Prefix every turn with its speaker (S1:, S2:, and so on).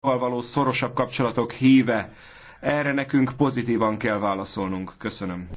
S1: való szorosabb kapcsolatok híve. Erre nekünk pozitívan kell válaszolnunk. Köszönöm.